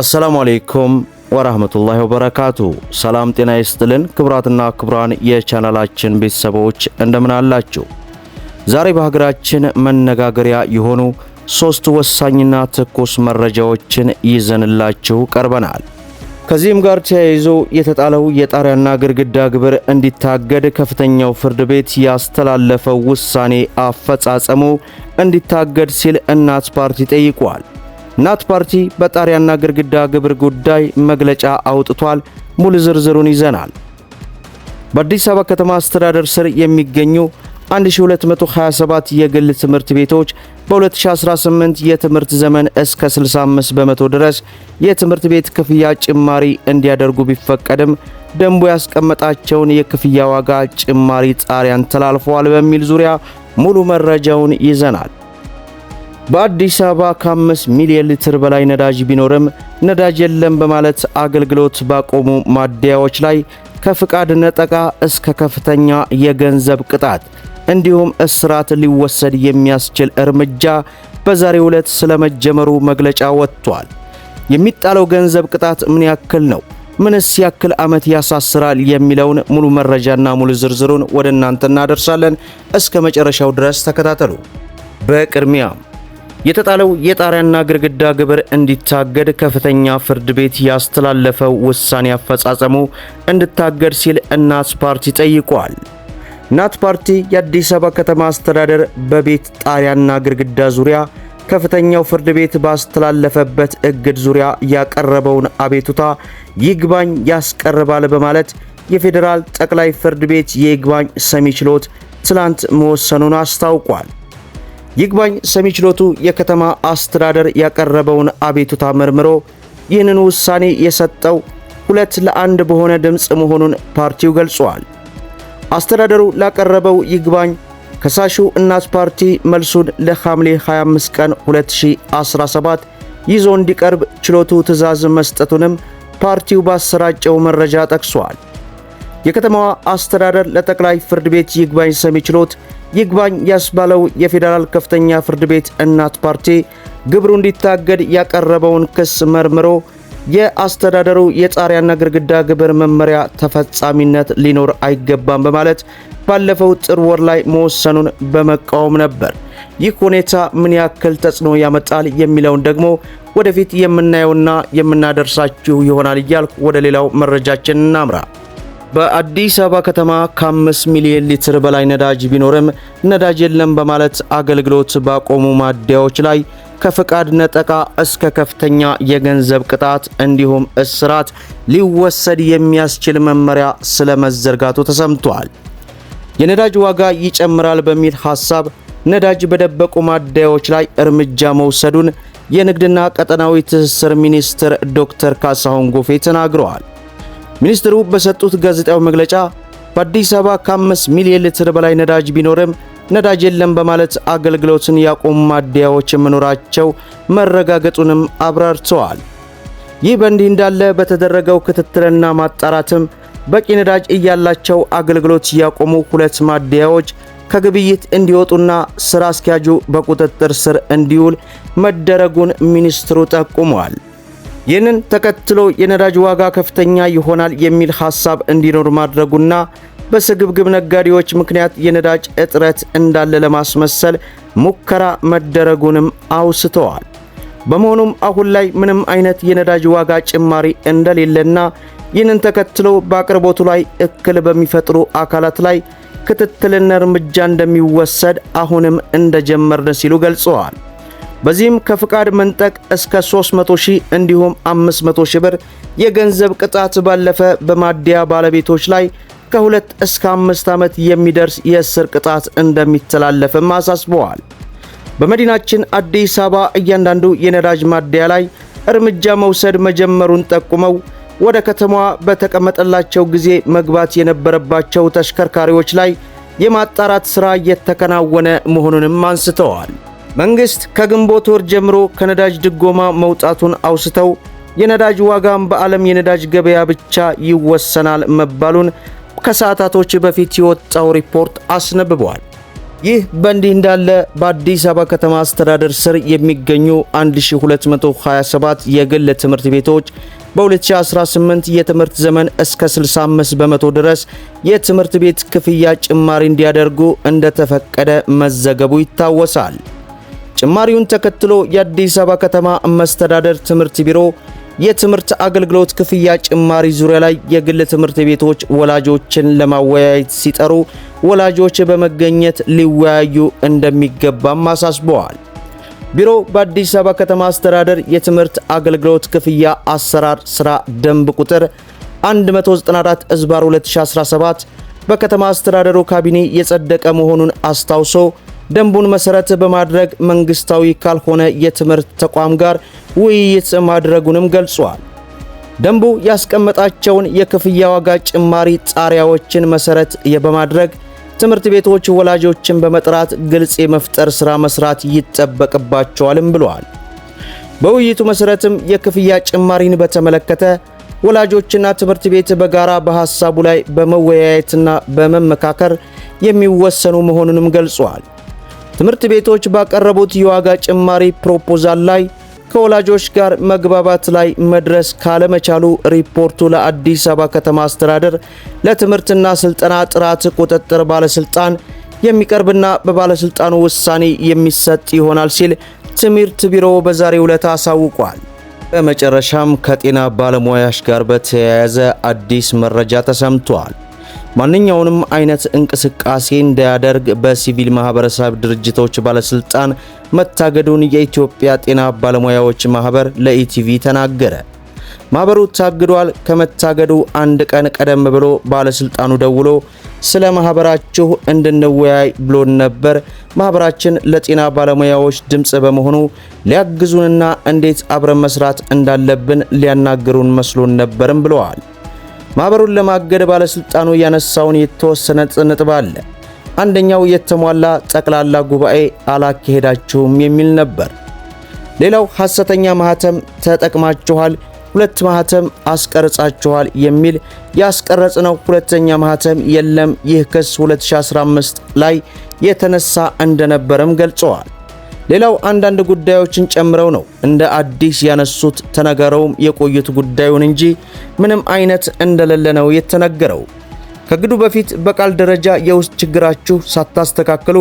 አሰላሙ አሌይኩም ወራህመቱላሂ ወበረካቱ። ሰላም ጤና ይስጥልን ክብራትና ክብራን የቻናላችን ቤተሰቦች እንደምን አላችሁ? ዛሬ በሀገራችን መነጋገሪያ የሆኑ ሶስት ወሳኝና ትኩስ መረጃዎችን ይዘንላችሁ ቀርበናል። ከዚህም ጋር ተያይዞ የተጣለው የጣሪያና ግድግዳ ግብር እንዲታገድ ከፍተኛው ፍርድ ቤት ያስተላለፈው ውሳኔ አፈጻጸሙ እንዲታገድ ሲል እናት ፓርቲ ጠይቋል። እናት ፓርቲ በጣሪያና ግድግዳ ግብር ጉዳይ መግለጫ አውጥቷል። ሙሉ ዝርዝሩን ይዘናል። በአዲስ አበባ ከተማ አስተዳደር ስር የሚገኙ 1227 የግል ትምህርት ቤቶች በ2018 የትምህርት ዘመን እስከ 65 በመቶ ድረስ የትምህርት ቤት ክፍያ ጭማሪ እንዲያደርጉ ቢፈቀድም ደንቡ ያስቀመጣቸውን የክፍያ ዋጋ ጭማሪ ጣሪያን ተላልፈዋል በሚል ዙሪያ ሙሉ መረጃውን ይዘናል። በአዲስ አበባ ከአምስት ሚሊዮን ሊትር በላይ ነዳጅ ቢኖርም ነዳጅ የለም በማለት አገልግሎት ባቆሙ ማደያዎች ላይ ከፍቃድ ነጠቃ እስከ ከፍተኛ የገንዘብ ቅጣት እንዲሁም እስራት ሊወሰድ የሚያስችል እርምጃ በዛሬ ዕለት ስለመጀመሩ መግለጫ ወጥቷል። የሚጣለው ገንዘብ ቅጣት ምን ያክል ነው? ምንስ ያክል ዓመት ያሳስራል? የሚለውን ሙሉ መረጃና ሙሉ ዝርዝሩን ወደ እናንተ እናደርሳለን። እስከ መጨረሻው ድረስ ተከታተሉ። በቅድሚያም የተጣለው የጣሪያና ግድግዳ ግብር እንዲታገድ ከፍተኛ ፍርድ ቤት ያስተላለፈው ውሳኔ አፈጻጸሙ እንድታገድ ሲል እናት ፓርቲ ጠይቋል። እናት ፓርቲ የአዲስ አበባ ከተማ አስተዳደር በቤት ጣሪያና ግድግዳ ዙሪያ ከፍተኛው ፍርድ ቤት ባስተላለፈበት እግድ ዙሪያ ያቀረበውን አቤቱታ ይግባኝ ያስቀርባል በማለት የፌዴራል ጠቅላይ ፍርድ ቤት የይግባኝ ሰሚ ችሎት ትላንት መወሰኑን አስታውቋል። ይግባኝ ሰሚ ችሎቱ የከተማ አስተዳደር ያቀረበውን አቤቱታ መርምሮ ይህንን ውሳኔ የሰጠው ሁለት ለአንድ በሆነ ድምፅ መሆኑን ፓርቲው ገልጿል። አስተዳደሩ ላቀረበው ይግባኝ ከሳሹ እናት ፓርቲ መልሱን ለሐምሌ 25 ቀን 2017 ይዞ እንዲቀርብ ችሎቱ ትዕዛዝ መስጠቱንም ፓርቲው ባሰራጨው መረጃ ጠቅሷል። የከተማዋ አስተዳደር ለጠቅላይ ፍርድ ቤት ይግባኝ ሰሚ ችሎት ይግባኝ ያስባለው የፌዴራል ከፍተኛ ፍርድ ቤት እናት ፓርቲ ግብሩ እንዲታገድ ያቀረበውን ክስ መርምሮ የአስተዳደሩ የጣሪያና ግድግዳ ግብር መመሪያ ተፈጻሚነት ሊኖር አይገባም በማለት ባለፈው ጥር ወር ላይ መወሰኑን በመቃወም ነበር። ይህ ሁኔታ ምን ያክል ተጽዕኖ ያመጣል የሚለውን ደግሞ ወደፊት የምናየውና የምናደርሳችሁ ይሆናል እያልኩ ወደ ሌላው መረጃችን እናምራ። በአዲስ አበባ ከተማ ከ ከ5 ሚሊዮን ሊትር በላይ ነዳጅ ቢኖርም ነዳጅ የለም በማለት አገልግሎት ባቆሙ ማደያዎች ላይ ከፈቃድ ነጠቃ እስከ ከፍተኛ የገንዘብ ቅጣት እንዲሁም እስራት ሊወሰድ የሚያስችል መመሪያ ስለመዘርጋቱ ተሰምቷል። የነዳጅ ዋጋ ይጨምራል በሚል ሐሳብ ነዳጅ በደበቁ ማደያዎች ላይ እርምጃ መውሰዱን የንግድና ቀጠናዊ ትስስር ሚኒስትር ዶክተር ካሳሁን ጎፌ ተናግረዋል። ሚኒስትሩ በሰጡት ጋዜጣዊ መግለጫ በአዲስ አበባ ከአምስት ሚሊዮን ሊትር በላይ ነዳጅ ቢኖርም ነዳጅ የለም በማለት አገልግሎትን ያቆሙ ማደያዎች መኖራቸው መረጋገጡንም አብራርተዋል። ይህ በእንዲህ እንዳለ በተደረገው ክትትልና ማጣራትም በቂ ነዳጅ እያላቸው አገልግሎት ያቆሙ ሁለት ማደያዎች ከግብይት እንዲወጡና ስራ አስኪያጁ በቁጥጥር ስር እንዲውል መደረጉን ሚኒስትሩ ጠቁመዋል። ይህንን ተከትሎ የነዳጅ ዋጋ ከፍተኛ ይሆናል የሚል ሐሳብ እንዲኖር ማድረጉና በስግብግብ ነጋዴዎች ምክንያት የነዳጅ እጥረት እንዳለ ለማስመሰል ሙከራ መደረጉንም አውስተዋል። በመሆኑም አሁን ላይ ምንም አይነት የነዳጅ ዋጋ ጭማሪ እንደሌለና ይህንን ተከትሎ በአቅርቦቱ ላይ እክል በሚፈጥሩ አካላት ላይ ክትትልና እርምጃ እንደሚወሰድ አሁንም እንደጀመርን ሲሉ ገልጸዋል። በዚህም ከፍቃድ መንጠቅ እስከ 300 ሺህ እንዲሁም 500 ሺህ ብር የገንዘብ ቅጣት ባለፈ በማደያ ባለቤቶች ላይ ከሁለት እስከ አምስት ዓመት የሚደርስ የእስር ቅጣት እንደሚተላለፍም አሳስበዋል። በመዲናችን አዲስ አበባ እያንዳንዱ የነዳጅ ማደያ ላይ እርምጃ መውሰድ መጀመሩን ጠቁመው ወደ ከተማዋ በተቀመጠላቸው ጊዜ መግባት የነበረባቸው ተሽከርካሪዎች ላይ የማጣራት ሥራ እየተከናወነ መሆኑንም አንስተዋል። መንግስት ከግንቦት ወር ጀምሮ ከነዳጅ ድጎማ መውጣቱን አውስተው የነዳጅ ዋጋም በዓለም የነዳጅ ገበያ ብቻ ይወሰናል መባሉን ከሰዓታቶች በፊት የወጣው ሪፖርት አስነብበዋል። ይህ በእንዲህ እንዳለ በአዲስ አበባ ከተማ አስተዳደር ስር የሚገኙ 1227 የግል ትምህርት ቤቶች በ2018 የትምህርት ዘመን እስከ 65 በመቶ ድረስ የትምህርት ቤት ክፍያ ጭማሪ እንዲያደርጉ እንደተፈቀደ መዘገቡ ይታወሳል። ጭማሪውን ተከትሎ የአዲስ አበባ ከተማ መስተዳደር ትምህርት ቢሮ የትምህርት አገልግሎት ክፍያ ጭማሪ ዙሪያ ላይ የግል ትምህርት ቤቶች ወላጆችን ለማወያየት ሲጠሩ ወላጆች በመገኘት ሊወያዩ እንደሚገባም አሳስበዋል። ቢሮ በአዲስ አበባ ከተማ አስተዳደር የትምህርት አገልግሎት ክፍያ አሰራር ሥራ ደንብ ቁጥር 194 ዕዝባር 2017 በከተማ አስተዳደሩ ካቢኔ የጸደቀ መሆኑን አስታውሶ ደንቡን መሰረት በማድረግ መንግስታዊ ካልሆነ የትምህርት ተቋም ጋር ውይይት ማድረጉንም ገልጿል። ደንቡ ያስቀመጣቸውን የክፍያ ዋጋ ጭማሪ ጣሪያዎችን መሰረት በማድረግ ትምህርት ቤቶች ወላጆችን በመጥራት ግልጽ የመፍጠር ሥራ መስራት ይጠበቅባቸዋልም ብለዋል። በውይይቱ መሰረትም የክፍያ ጭማሪን በተመለከተ ወላጆችና ትምህርት ቤት በጋራ በሐሳቡ ላይ በመወያየትና በመመካከር የሚወሰኑ መሆኑንም ገልጿል። ትምህርት ቤቶች ባቀረቡት የዋጋ ጭማሪ ፕሮፖዛል ላይ ከወላጆች ጋር መግባባት ላይ መድረስ ካለመቻሉ ሪፖርቱ ለአዲስ አበባ ከተማ አስተዳደር ለትምህርትና ስልጠና ጥራት ቁጥጥር ባለስልጣን የሚቀርብና በባለስልጣኑ ውሳኔ የሚሰጥ ይሆናል ሲል ትምህርት ቢሮ በዛሬው ዕለት አሳውቋል። በመጨረሻም ከጤና ባለሙያዎች ጋር በተያያዘ አዲስ መረጃ ተሰምቷል። ማንኛውንም አይነት እንቅስቃሴ እንዳያደርግ በሲቪል ማህበረሰብ ድርጅቶች ባለስልጣን መታገዱን የኢትዮጵያ ጤና ባለሙያዎች ማህበር ለኢቲቪ ተናገረ። ማህበሩ ታግዷል። ከመታገዱ አንድ ቀን ቀደም ብሎ ባለስልጣኑ ደውሎ ስለ ማህበራችሁ እንድንወያይ ብሎን ነበር። ማህበራችን ለጤና ባለሙያዎች ድምፅ በመሆኑ ሊያግዙንና እንዴት አብረን መስራት እንዳለብን ሊያናግሩን መስሎን ነበርም ብለዋል። ማህበሩን ለማገድ ባለስልጣኑ ያነሳውን የተወሰነ ነጥብ አለ። አንደኛው የተሟላ ጠቅላላ ጉባኤ አላካሄዳችሁም የሚል ነበር። ሌላው ሐሰተኛ ማህተም ተጠቅማችኋል፣ ሁለት ማህተም አስቀርጻችኋል የሚል ያስቀረጽነው ሁለተኛ ማህተም የለም። ይህ ክስ 2015 ላይ የተነሳ እንደነበረም ገልጸዋል። ሌላው አንዳንድ ጉዳዮችን ጨምረው ነው እንደ አዲስ ያነሱት። ተነገረውም የቆዩት ጉዳዩን እንጂ ምንም አይነት እንደሌለ ነው የተነገረው። ከግዱ በፊት በቃል ደረጃ የውስጥ ችግራችሁ ሳታስተካክሉ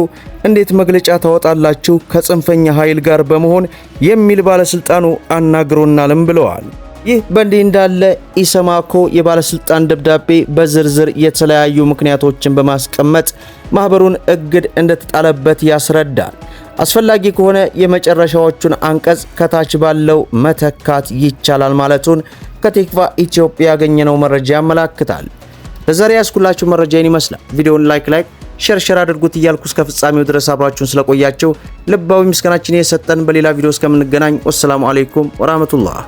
እንዴት መግለጫ ታወጣላችሁ ከጽንፈኛ ኃይል ጋር በመሆን የሚል ባለስልጣኑ አናግሮናልም ብለዋል። ይህ በእንዲህ እንዳለ ኢሰማኮ የባለስልጣን ደብዳቤ በዝርዝር የተለያዩ ምክንያቶችን በማስቀመጥ ማኅበሩን እግድ እንደተጣለበት ያስረዳል። አስፈላጊ ከሆነ የመጨረሻዎቹን አንቀጽ ከታች ባለው መተካት ይቻላል ማለቱን ከቴክቫ ኢትዮጵያ ያገኘነው መረጃ ያመላክታል። ለዛሬ ያስኩላችሁ መረጃን ይመስላል። ቪዲዮውን ላይክ ላይክ ሸር ሸር አድርጉት እያልኩ እስከ ፍጻሜው ድረስ አብራችሁን ስለቆያቸው ልባዊ ምስጋናችን የሰጠን። በሌላ ቪዲዮ እስከምንገናኝ ወሰላሙ አሌይኩም ወራህመቱላህ